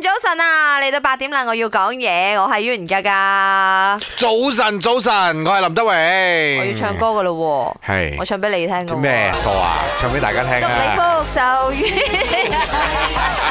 早晨啊，嚟到八點啦，我要講嘢，我係袁家家。早晨，早晨，我係林德榮。我要唱歌噶咯，係，我唱俾你聽。咩傻啊？唱俾大家聽啊！祝你福壽圓。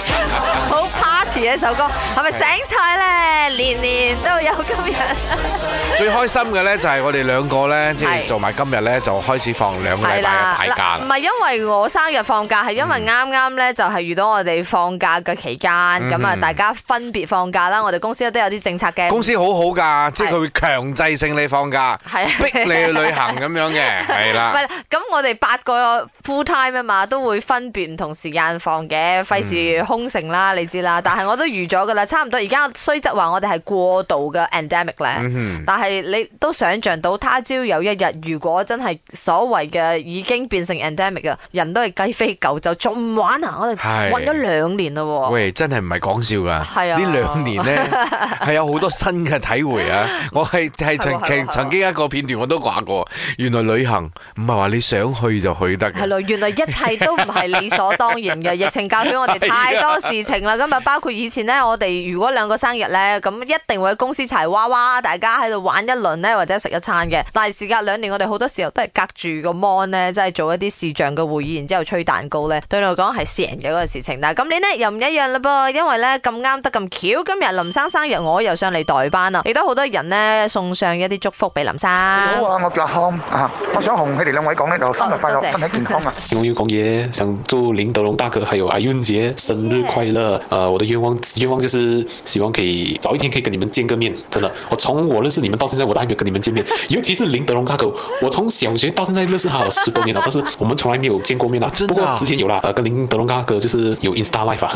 呢一首歌，係咪醒晒咧？年年都有今日。最開心嘅咧就係我哋兩個咧，即係做埋今日咧就開始放兩個禮拜嘅假。唔係因為我生日放假，係因為啱啱咧就係遇到我哋放假嘅期間，咁啊大家分別放假啦。我哋公司都有啲政策嘅。公司好好噶，即係佢會強制性你放假，係啊，逼你去旅行咁樣嘅，係啦，係啦咁。我哋八個 full time 啊嘛，都會分別唔同時間放嘅，費事空城啦，你知啦。但係我都預咗噶啦，差唔多。而家雖則話我哋係過渡嘅 endemic 咧，嗯、哼但係你都想象到，他朝有一日，如果真係所謂嘅已經變成 endemic 嘅，人都係雞飛狗走，仲唔玩啊？我哋混咗兩年喎，喂，真係唔係講笑噶，係啊，呢兩年呢，係 有好多新嘅體會啊！我係係曾曾、 啊啊啊、曾經一個片段我都掛過，原來旅行唔係話你想。想去就去得。係咯，原來一切都唔係理所當然嘅。疫情教曉我哋太多事情啦。咁啊，包括以前咧，我哋如果兩個生日咧，咁一定會喺公司柴娃娃，大家喺度玩一輪咧，或者食一餐嘅。但係時隔兩年，我哋好多時候都係隔住個 mon 咧，即係做一啲視像嘅會議，然之後吹蛋糕咧，對你嚟講係私人嘅嗰個事情。但係今年咧又唔一樣啦噃，因為咧咁啱得咁巧，今日林生生日，我又上嚟代班啦。亦都好多人咧送上一啲祝福俾林生。好啊，我叫阿康啊，我想同佢哋兩位講呢度。生日快樂，身體健康啊！龍宇公爺，想祝林德榮大哥還有阿運杰生日快樂。呃，我的願望願望就是希望可以早一天可以跟你們見個面。真的，我從我認識你們到現在，我都還沒有跟你們見面。尤其是林德榮大哥，我從小學到現在認識他有十多年啦，但是我們從來沒有見過面啦。不過之前有啦，呃，跟林德榮大哥就是有 Insta Life 啊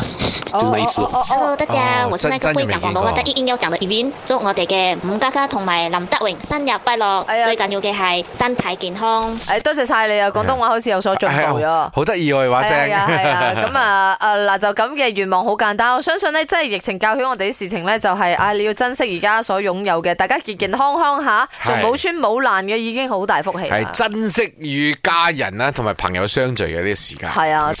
就是那一次。Hello，大家，我是那個不會講廣東話但一定要講的 Yvonne，祝我哋嘅吳嘉嘉同埋林德榮生日快樂。最緊要嘅係身體健康。誒，多謝晒。係啊，廣東話好似有所進步咗，好得意喎！話聲，係啊係啊，咁啊嗱，就咁嘅願望好簡單，我相信呢，真係疫情教起我哋啲事情呢、就係，就係啊，你要珍惜而家所擁有嘅，大家健健康康下，仲冇穿冇爛嘅，已經好大福氣。係珍惜與家人啊，同埋朋友相聚嘅啲、呢個、時間。係啊。